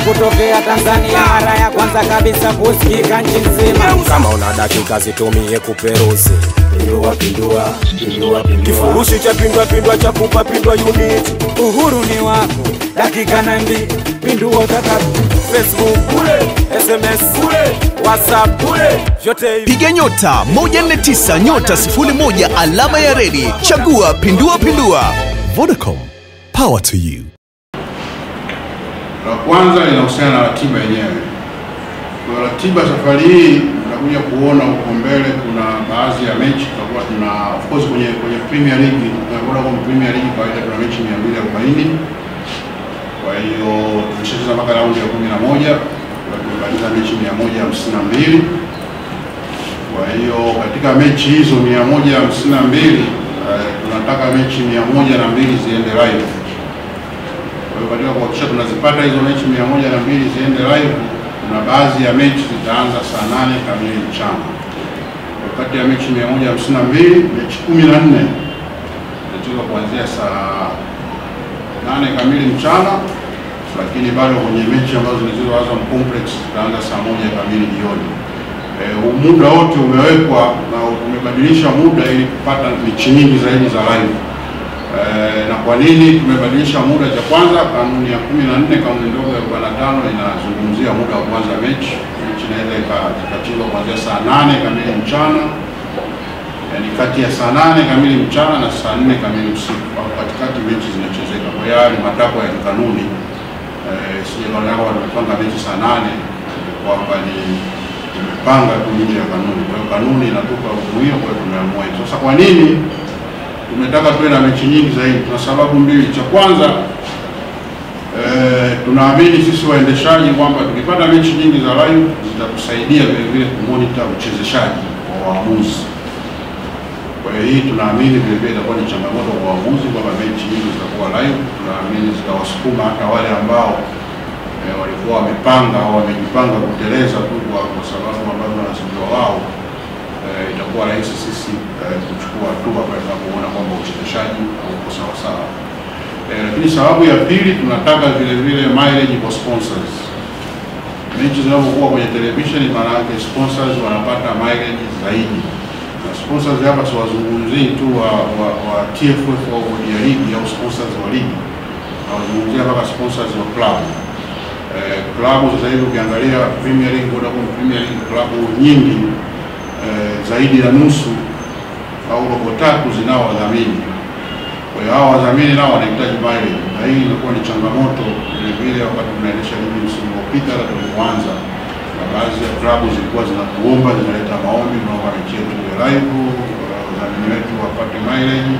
kutokea Tanzania mara ya kwanza kabisa kusikika nchi nzima. Kama una dakika zitumie kuperuzi pindua pindua pindua pindua, kifurushi cha pindua pindua cha kupa pindua unit. Uhuru ni wako, dakika na mbi pindua taka Facebook kule, SMS kule, WhatsApp kule, vyote hivi. Piga nyota 149 nyota 01 alama ya redi, chagua pindua pindua. Vodacom, power to you. La kwanza linahusiana na ratiba yenyewe. Kwa ratiba safari hii utakuja kuona huko mbele, kuna baadhi ya mechi tutakuwa tuna of course kwenye kwenye Premier League tunakwenda kwa Premier League kwa ile tuna mechi 240 kwa hiyo tumeshacheza mpaka raundi ya 11 tumemaliza mechi 152 kwa hiyo katika mechi hizo 152 eh, tunataka mechi 102 ziende live kwa kuhakikisha tunazipata hizo mechi mia moja na mbili ziende live, na baadhi ya mechi zitaanza saa nane kamili mchana. Kati ya mechi mia moja hamsini na mbili mechi kumi na nne zitachezwa kuanzia saa nane kamili mchana, lakini bado kwenye mechi ambazo zilizoa Azam Complex zitaanza saa moja kamili jioni. E, muda wote umewekwa na umebadilisha muda ili kupata mechi nyingi zaidi za live. Eh, na kwa nini tumebadilisha muda? Cha kwanza, kanuni ya kumi na nne kanuni ndogo ya arobaini na tano inazungumzia muda wa kwanza mechi. Mechi inaweza ikachezwa kuanzia saa nane kamili mchana, yaani kati ya saa nane kamili mchana na saa nne kamili usiku, au katikati mechi zinachezeka. Kwa hiyo haya ni matakwa ya kanuni eh, sijaona wamepanga mechi saa nane kwamba ni imepanga tu nje ya kanuni. Kwa hiyo kanuni inatupa hukumu hiyo, kwa hiyo tumeamua hizo. Sasa kwa nini tumetaka tuwe na mechi nyingi zaidi. kwa sababu mbili. Cha kwanza e, tunaamini sisi waendeshaji kwamba tukipata mechi nyingi za live zitatusaidia vile vile kumonita uchezeshaji wa waamuzi. Kwa hiyo hii tunaamini vile vile itakuwa ni changamoto kwa waamuzi kwamba mechi nyingi zitakuwa live. Tunaamini zitawasukuma hata wale ambao e, walikuwa wamepanga au wamejipanga kuteleza tu kwa sababu ambazo wanazijua wao Eh, itakuwa rahisi sisi eh, kuchukua hatua pale kuona kwamba uchezeshaji hauko sawa sawa. Eh, lakini sababu ya pili, tunataka vile vile mileage kwa sponsors. Mechi zinapokuwa kwenye television, maana yake sponsors wanapata mileage zaidi na sponsors hapa siwazungumzii tu wa, wa, wa TFF au bodi ya ligi au sponsors wa ligi, nawazungumzia mpaka sponsors wa club eh, klabu sasa hivi ukiangalia Premier League, Vodacom Premier League, klabu nyingi e, zaidi ya nusu au robo tatu zinao wadhamini. Kwa hiyo hao wadhamini nao wanahitaji mileage, na hii inakuwa ni changamoto vile vile. Wakati tunaendesha ligi msimu uliopita, hata tulipoanza, na baadhi ya klabu zilikuwa zinatuomba, zinaleta maombi, naomba mechi yetu iwe live, wadhamini wetu wapate mileage.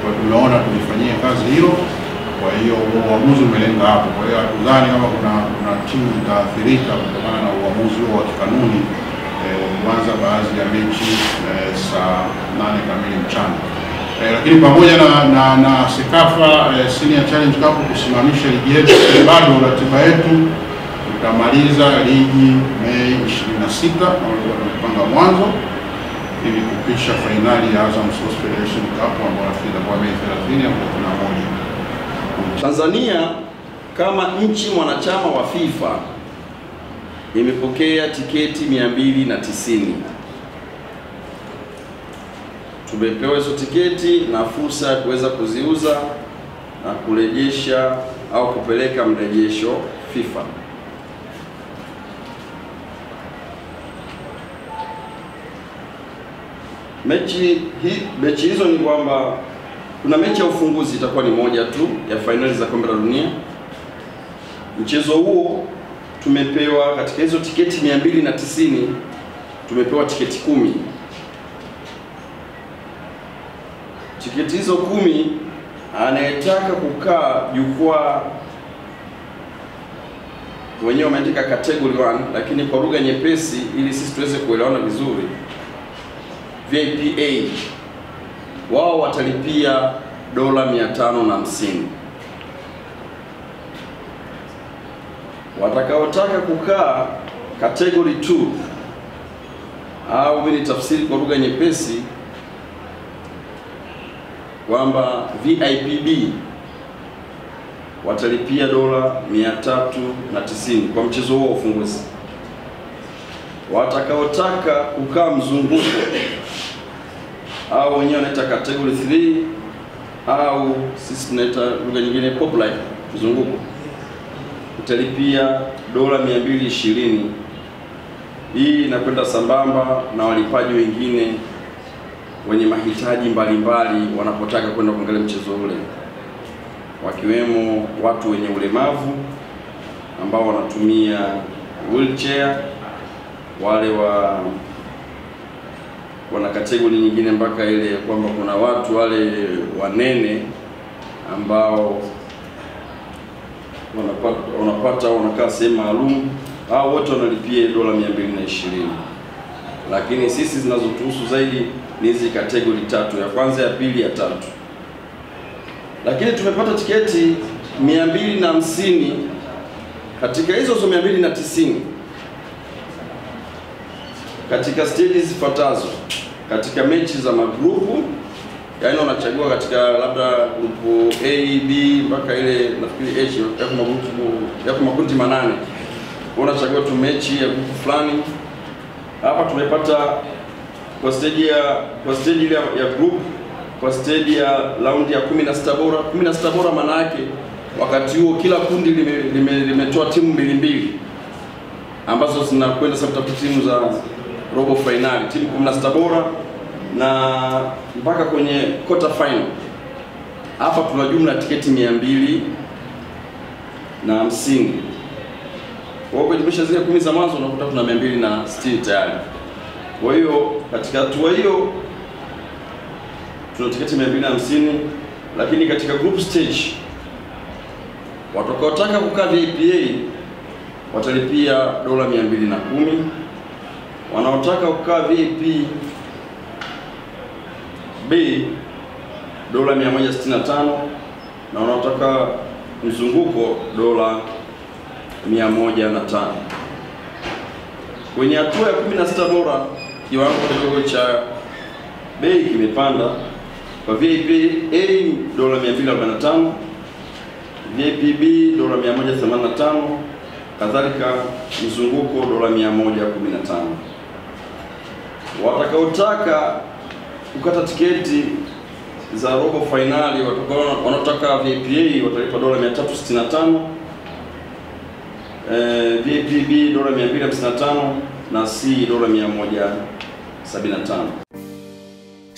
Kwa tunaona tulifanyia kazi hilo, kwa hiyo uamuzi umelenga hapo. Kwa hiyo hatudhani kama kuna kuna timu zitaathirika kutokana na uamuzi huo wa kikanuni. Eh, kuanza baadhi ya mechi eh, saa nane kamili mchana. E, lakini pamoja na na, na Sekafa e, Senior Challenge Cup kusimamisha ligi yetu, bado ratiba yetu tutamaliza ligi Mei 26 na walikuwa tumepanga mwanzo ili kupisha fainali ya Azam Sports Federation Cup ambayo itakuwa Mei 30 au 31. Tanzania kama nchi mwanachama wa FIFA imepokea tiketi 290. Tumepewa hizo tiketi na fursa ya kuweza kuziuza na kurejesha au kupeleka mrejesho FIFA. Mechi hi, mechi hizo ni kwamba kuna mechi ya ufunguzi itakuwa ni moja tu ya fainali za kombe la dunia. Mchezo huo tumepewa katika hizo tiketi mia mbili na tisini tumepewa tiketi kumi. Tiketi hizo kumi, anayetaka kukaa jukwaa, wenyewe wameandika category 1 lakini kwa lugha nyepesi, ili sisi tuweze kuelewana vizuri, VIP A wao watalipia dola mia tano na hamsini. Watakaotaka kukaa category 2 au vile tafsiri kwa lugha nyepesi kwamba VIPB watalipia dola 390 kwa mchezo huo wa ufunguzi. Watakaotaka kukaa mzunguko au wenyewe wanaita category 3 au sisi tunaita lugha nyingine pop mzunguko utalipia dola 220. Hii inakwenda sambamba na walipaji wengine wenye mahitaji mbalimbali wanapotaka kwenda kuangalia mchezo ule, wakiwemo watu wenye ulemavu ambao wanatumia wheelchair, wale wa wana kategori nyingine mpaka ile kwamba kuna watu wale wanene ambao wanapata wanapata au wanakaa sehemu maalum au wote wanalipia dola 220 lakini sisi zinazotuhusu zaidi ni hizi kategori tatu, ya kwanza, ya pili, ya tatu. Lakini tumepata tiketi 250 katika hizo hizo 290 katika stendi zifuatazo katika mechi za magrupu yaani unachagua katika labda grupu A, B mpaka ile nafikiri H, yako magurupu yako makundi manane, unachagua tu mechi ya grupu fulani. Hapa tumepata kwa stage ya kwa stage ile ya, ya group kwa stage ya raundi ya 16 bora. 16 bora maana yake wakati huo kila kundi limetoa lime, lime, lime timu mbili mbili ambazo zinakwenda sasa kutafuta timu za robo finali, timu 16 bora na mpaka kwenye quarter final. Hapa tuna jumla tiketi mia mbili na hamsini. Kwa hiyo ukijumlisha zile kumi za mwanzo unakuta tuna mia mbili na sitini tayari. Kwa hiyo katika hatua hiyo tuna tiketi mia mbili na hamsini, lakini katika group stage watakaotaka kukaa VPA watalipia dola mia mbili na kumi wanaotaka kukaa VIP B dola 165 na wanaotaka mzunguko dola 105. Kwenye hatua ya 16 bora kiwango kidogo cha bei kimepanda kwa VIP A dola 245, VIP B dola 185, kadhalika mzunguko dola 115. Watakaotaka kukata tiketi za robo fainali wanaotaka VPA watalipa dola 365, eh, VPB dola 255 na C dola 175.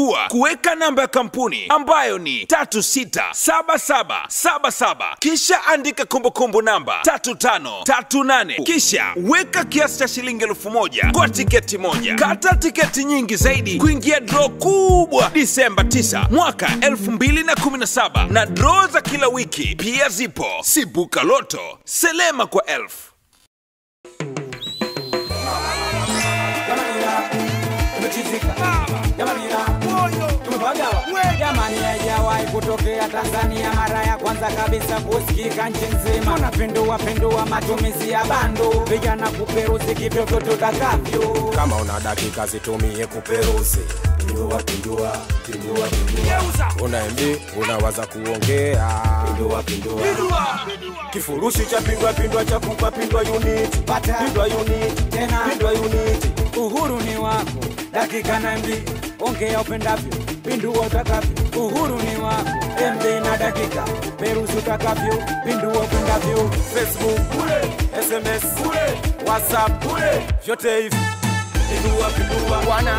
chagua kuweka namba ya kampuni ambayo ni 367777 kisha andika kumbukumbu namba 3538 kisha weka kiasi cha shilingi 1000 kwa tiketi moja. Kata tiketi nyingi zaidi kuingia dro kubwa Disemba 9 mwaka 2017 na, na dro za kila wiki pia zipo. Sibuka Loto, selema kwa elfu. Chizika. kutokea Tanzania mara ya kwanza kabisa kusikika nchi nzima. Unapindua pindua matumizi ya bando, vijana kuperuzi kivyo tutakavyo. Kama una dakika zitumie kuperuzi una MB unawaza kuongea pindua pindua pindua, kifurushi cha pindua pindua cha kupa pindua unit pindua unit tena pindua. takikana mji ongea upendavyo pindua utakavyo uhuru ni wako mj na dakika perusu utakavyo pindua upendavyo facebook kule sms kule whatsapp kule vyote hivi pindua pindua wana